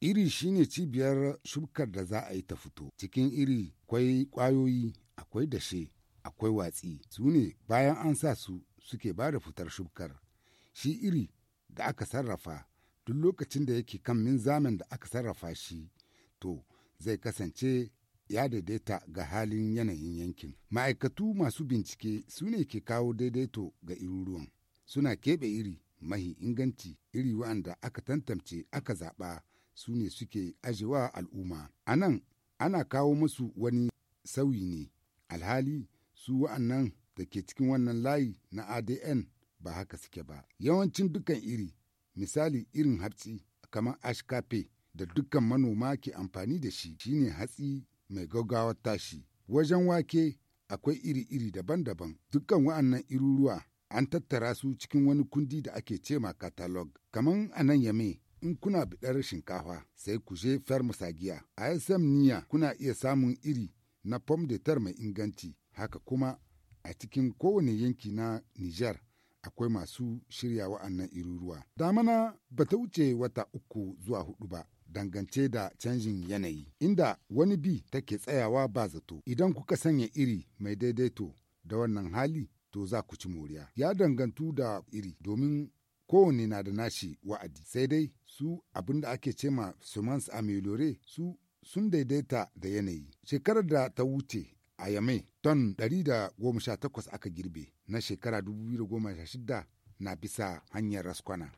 Iri shine cibiyar shukar da za a yi ta fito. Cikin iri akwai ƙwayoyi, akwai dashe, akwai watsi. Su ne bayan an sa su suke ba da fitar shukar. Shi iri da aka sarrafa duk lokacin da yake kan min zamen da aka sarrafa shi to zai kasance ya daidaita ga halin yanayin yankin. Ma'aikatu masu bincike su ne ke kawo daidaito ga iruruwan. Suna keɓe iri mahi inganci iri wa'anda aka tantance aka zaɓa su ne suke ajewa al'umma. A nan ana kawo masu wani sauyi ne, alhali su wa'annan da ke cikin wannan layi na ADN ba haka suke ba. Yawancin dukkan iri, misali irin hatsi kamar ashkafe da dukkan manoma ke amfani da shi shine hatsi mai gaggawar tashi. Wajen wake akwai iri-iri daban-daban. Dukkan wa'annan iruruwa an tattara su cikin wani kundi da ake cema catalog. kamar a nan yame in kuna biɗar shinkafa sai ku je fermu sagiya. A SM niya kuna iya samun iri na pom de terre mai inganci haka kuma a cikin kowane yanki na niger akwai masu shirya wa'annan iruruwa. Damana ba ta wuce wata uku zuwa hudu ba. dangance da canjin yanayi inda wani bi take tsayawa ba zato idan kuka sanya iri mai daidaito da wannan hali to za ku ci moriya ya dangantu da iri domin kowane na da nashi wa'adi sai dai su abinda da ake cema sumans ameliore su sun daidaita da yanayi shekarar da ta wuce a yame ton 118 aka girbe na shekara 2016 na bisa hanyar raskwana